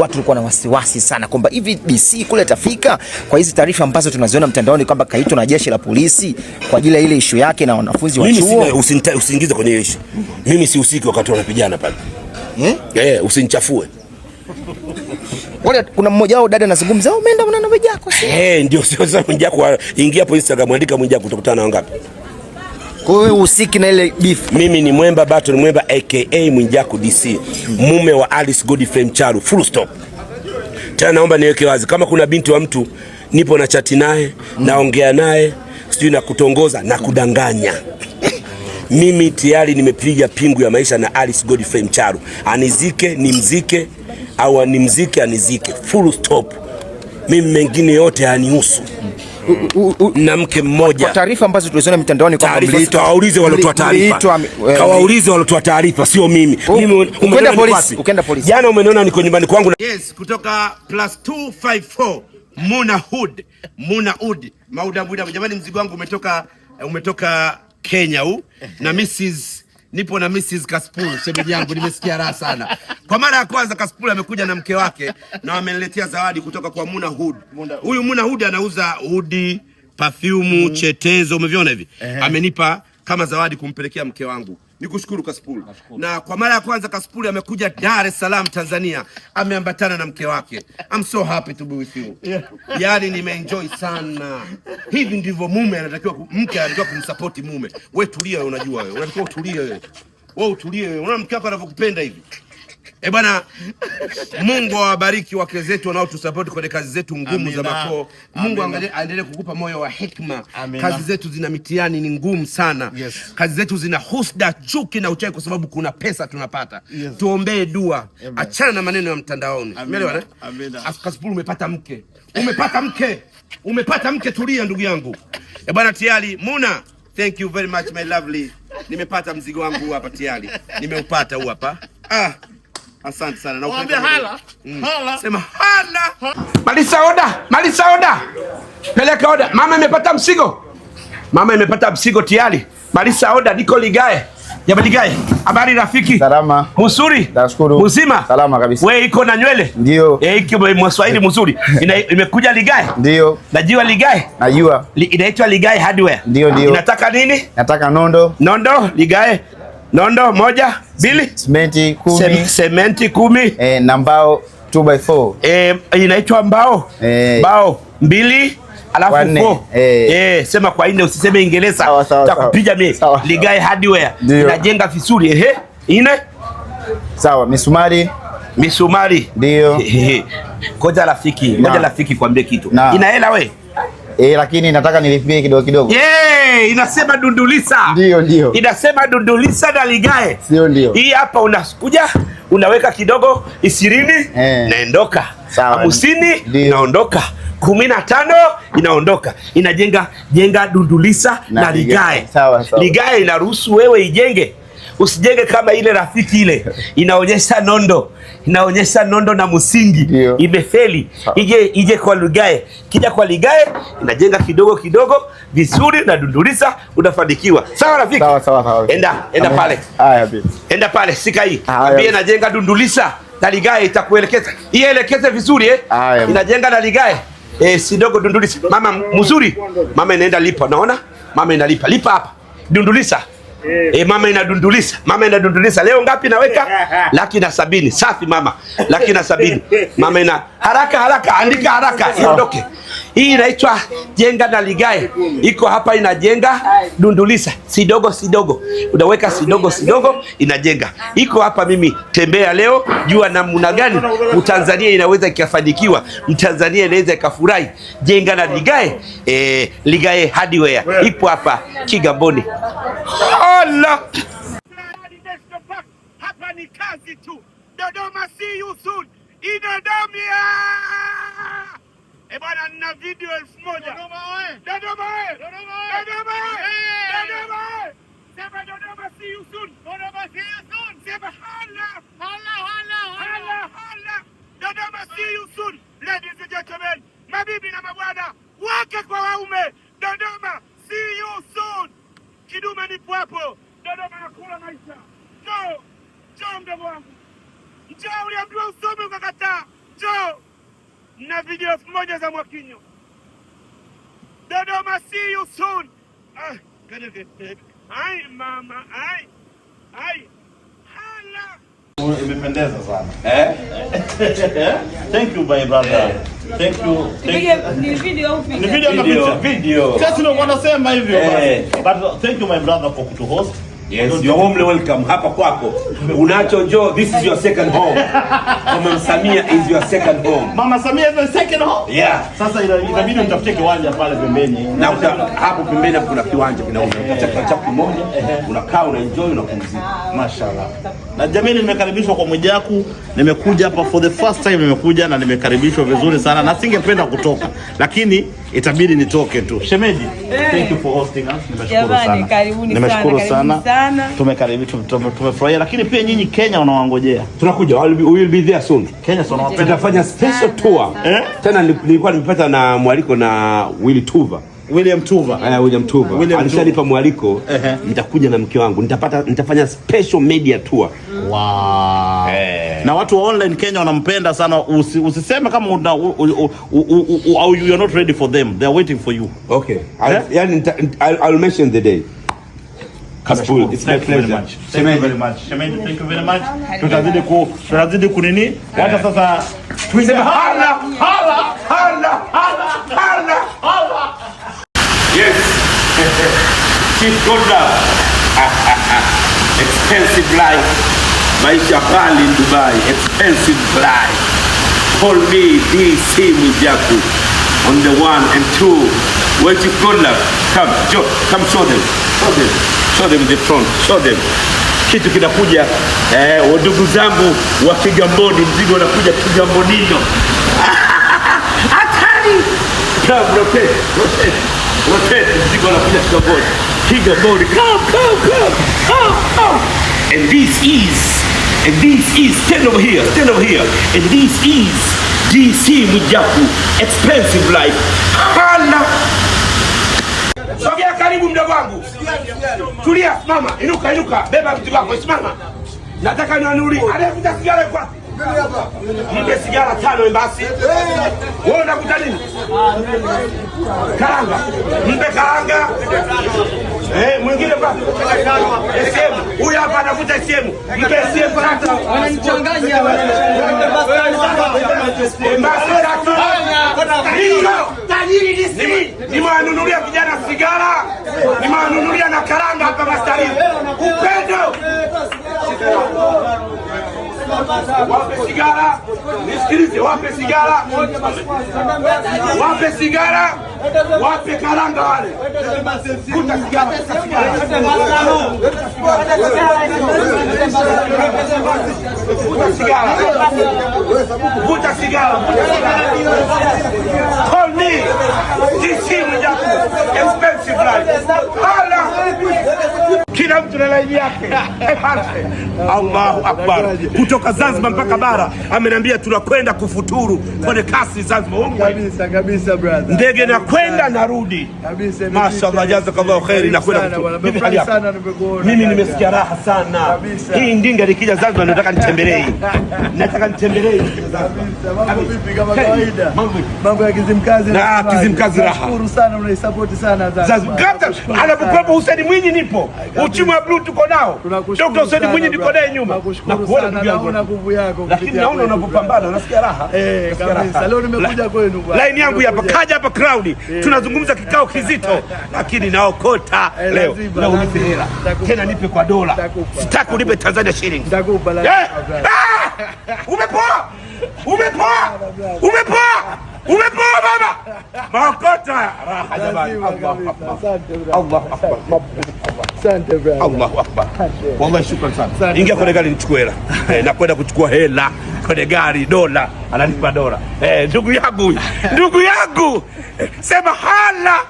watu walikuwa na wasiwasi sana kwamba hivi e DC kule tafika kwa hizi taarifa ambazo tunaziona mtandaoni kwamba kaitwa na jeshi la polisi kwa ajili ya ile ishu yake na wanafunzi wa chuo. Mimi usiingize kwenye ishu, mimi sihusiki wakati wanapigana pale eh? Yeah, usinichafue wale kuna mmoja wao dada anazungumza, umeenda na mwenjako? Eh, ndio sio sasa mwenjako, ingia hapo Instagram, andika mwenjako, utakutana na wangapi? Kwa hiyo uhusiki na ile beef. Mimi ni Mwemba Baton Mwemba aka Mwijaku DC, mume wa Alice Godfrey Mcharu, full stop. Tena naomba niweke wazi, kama kuna binti wa mtu nipo na chati naye mm. naongea naye sijui na kutongoza na kudanganya mimi tayari nimepiga pingu ya maisha na Alice Godfrey Mcharu, anizike nimzike, au animzike anizike, full stop. Mimi mengine yote hanihusu na mke mmoja. Kwa taarifa ambazo tulizoona mitandaoni kwa mlito, waulize wale waliotoa taarifa, kawaulize wale waliotoa taarifa, sio mimi. Mimi ukenda polisi, ukenda polisi, jana umeniona niko nyumbani kwangu. Yes, kutoka plus 254 Muna Hood, Muna Hood, Mauda Buda. Jamani, mzigo wangu umetoka umetoka Kenya huu na Mrs. nipo na Mrs. Kaspul, shemeji yangu, nimesikia raha sana. Kwa mara ya kwanza Kasipul amekuja na mke wake na wameniletea zawadi kutoka kwa Muna Hood. Huyu Muna Hood anauza hudi, perfume, mm. chetezo, umeviona hivi? Amenipa kama zawadi kumpelekea mke wangu. Nikushukuru Kasipul. Na kwa mara ya kwanza Kasipul amekuja Dar es Salaam Tanzania, ameambatana na mke wake. I'm so happy to be with you. Yeah. Yaani nimeenjoy sana. Hivi ndivyo mume anatakiwa mke anatakiwa kumsupport mume. Wewe tulia wewe unajua wewe. Unatakiwa utulie wewe. Wewe utulie wewe. Unaona mke wako anavyokupenda hivi. E bwana, Mungu awabariki wake zetu wanaotusapoti kwenye kazi zetu ngumu Amina. za makoo. Mungu aendelee kukupa moyo wa hikma. Kazi zetu zina mitihani, ni ngumu sana yes. Kazi zetu zina husda, chuki na uchawi, kwa sababu kuna pesa tunapata yes. Tuombee dua, achana na maneno ya mtandaoni, umeelewa? Eh? Askasipuru, umepata mke, umepata mke, umepata mke, tulia ndugu yangu. E bwana, tiari Muna, thank you very much my lovely. Nimepata mzigo wangu hapa tiari, nimeupata huu hapa ah. Asante sana. Na Naomba hala. Mm. Hala. Sema hala. Malisa oda, malisa oda. Peleka oda. Mama imepata msigo. Mama imepata msigo tayari. Malisa oda niko ligae. Jamani gae. Habari rafiki. Salama. Mzuri. Nashukuru. Mzima. Salama kabisa. Wewe iko na nywele? Ndio. Eh, iki Mwaswahili mzuri. Imekuja ligae? Ndio. Najua ligae? Najua. Inaitwa ligae hardware. Ndio, ndio. Inataka nini? Nataka nondo. Nondo, ligae nondo moja mbili, sementi kumi, sementi kumi e, na mbao 2 by 4 eh, inaitwa mbao e, mbao mbili alafu po eh, eh, sema kwa nne, usiseme Ingereza, takupiga mimi. ligai Hardware inajenga vizuri ehe, ine sawa. Misumari misumari ndio. Ngoja rafiki, ngoja rafiki kwambie kitu, ina hela we Eh, lakini nataka nilipie kidogo kidogo. Yeah, inasema Dundulisa. Ndio, ndio. Inasema Dundulisa na Ligae. Sio ndio. Hii hapa unakuja unaweka kidogo ishirini eh, naondoka. 50 naondoka. Kumi na tano inaondoka. Inajenga jenga Dundulisa na, na Ligae. Ligae, sawa, sawa. Ligae inaruhusu wewe ijenge usijenge kama ile rafiki ile inaonyesha nondo inaonyesha nondo na msingi imefeli, ije ije kwa ligae, kija kwa ligae inajenga kidogo kidogo vizuri na dunduliza, unafanikiwa. Sawa rafiki, sawa sawa sawa, enda enda pale, haya bibi, enda pale, sika hii ambie najenga dundulisa na ligae, itakuelekeza ielekeze vizuri eh, Aya, inajenga na ligae eh, sidogo dundulisa. Mama mzuri, mama inaenda lipa, naona mama inalipa lipa hapa, dundulisa E, mama inadundulisa, mama inadundulisa. Leo ngapi naweka? laki na sabini. Safi mama, laki na sabini. Mama ina haraka haraka, andika haraka, iondoke. Hii inaitwa jenga na ligae, iko hapa inajenga dundulisa, sidogo sidogo, unaweka sidogo sidogo, inajenga. Iko hapa mimi, tembea leo, jua namna gani Mtanzania inaweza ikafanikiwa, Mtanzania inaweza ikafurahi. Jenga na ligae, e, ligae hardware ipo hapa Kigamboni. Allah, hapa ni kazi tu. Dodoma, see you soon. Ina damu bwana, nina video elfu moja mabibi na mabwana wake kwa waume. Dodoma, see you soon. Kidume nipo hapo Dodoma, nakula maisha. Njoo njoo, mdogo wangu, njoo. Uliambiwa usome ukakataa, njoo na video elfu moja za Mwakinyo. Dodoma, see you soon. Ah, Ai mama, ai. Ai. Hala. Imependeza sana. Eh? Thank you my brother. Thank you. Thank you. Ni video au picha? Ni video na picha. Video. Sasa ndio wanasema hivyo eh. But thank you my brother for kutuhost. Yes. You're warmly welcome hapa kwako. Unacho njoo, this is your second home. Mama Samia is your second home. Mama Samia is your second home? Yeah. Sasa inabidi nitafute kiwanja pale pembeni. Na uta, hapo pembeni hapo kuna kiwanja kinaona. Unataka eh. chapa kimoja, eh. unakaa una enjoy unapumzika. Mashallah. Na jamani nimekaribishwa kwa Mwijaku. Nimekuja hapa for the first time nimekuja na nimekaribishwa vizuri sana na singependa kutoka. Lakini itabidi nitoke tu. Shemeji, thank you for hosting us. Nimeshukuru sana. sana. tumefurahia lakini pia nyinyi Kenya unawangojea Tunakuja. We will be there soon. Kenya Tutafanya special tour. Eh? Tena nilikuwa nimepata na mwaliko na Willy Tuva. William Tuva. Aya, William Tuva. William alishanipa mwaliko uh -huh. Nitakuja na mke wangu nitapata, nitafanya special media tour. Wow. Hey. Eh. Na watu wa online Kenya wanampenda sana, usi, usiseme kama una, u, u, u, u, you are not ready for them. They are waiting for you. Okay. I'll, yeah? Yani, I'll, I'll mention the day. Cool. It's thank my pleasure. Very much. Thank you very much. Shemeji, thank you very much. Tutazidi ku tutazidi kunini? Hata eh. sasa tuiseme hala hala hala hala hala. cheap good love expensive life, maisha bali Dubai, expensive life. Call me DC Mwijaku on the one and two. Where cheap good love? Come, Joe, come show them, show them, show them the front, show them kitu kinakuja. Eh, ndugu zangu wa Kigamboni, mzigo unakuja Kigambonino. Hatari! Rotate, rotate, rotate, mzigo unakuja Kigamboni. King of glory, come, come, come, come, come. And this is, and this is, stand over here, stand over here. And this is DC Mwijaku, expensive life. Hala. Sogea karibu mdogo wangu. Tulia, mama, inuka, inuka. Beba vitu vyako, simama. Nataka niwanulie. Anayevuta sigara yuko wapi? mpe sigara tano basi. Wewe unakuta nini? Karanga, mpe karanga. Eh, mwingine bwana. SM, huyu hapa anakuta SM. Mpe SM tatu. Wananichanganya wale. Basi tajiri ni sisi. Nimewanunulia sigara, nisikilize, wape sigara, wape sigara, wape karanga wale, kuta sigara vuta sigara call me this is expensive life yake Allahu Akbar, kutoka Zanzibar mpaka bara, ameniambia tunakwenda kufuturu kwenye kasi Zanzibar kabisa kabisa, brother, ndege nakwenda narudi kabisa. jazakallahu mimi, nimesikia raha sana. Hii ndinga likija Zanzibar nataka nitembelee, nataka nitembelee. Mambo vipi? Kama kawaida, mambo ya Kizimkazi na ah, Kizimkazi raha. Nashukuru sana, unaisupport sana Zanzibar. Hussein Mwinyi nipo uchumi timu ya blue tuko nao, Dr. Hussein Mwinyi niko naye nyuma na kuona nguvu yako, lakini naona unapopambana unasikia raha eh, kabisa. Leo nimekuja kwenu bwana, line yangu hapa kaja hapa crowd, eh. tunazungumza kikao kizito, lakini naokota eh, leo na unipe hela tena, nipe kwa dola, sitaki unipe Tanzania shilingi, nitakupa eh! ah! umepoa, umepoa, umepoa umepoa baba, maokota raha jamani. Allah Allah. Allah Asante brother. Allahu Akbar. Wallahi shukran sana. Ingia kwenye gari nichukue hela. Eh, nakwenda kuchukua hela kwenye gari dola. Ananipa dola. Eh, ndugu yangu. Ndugu yangu. Eh, sema hala.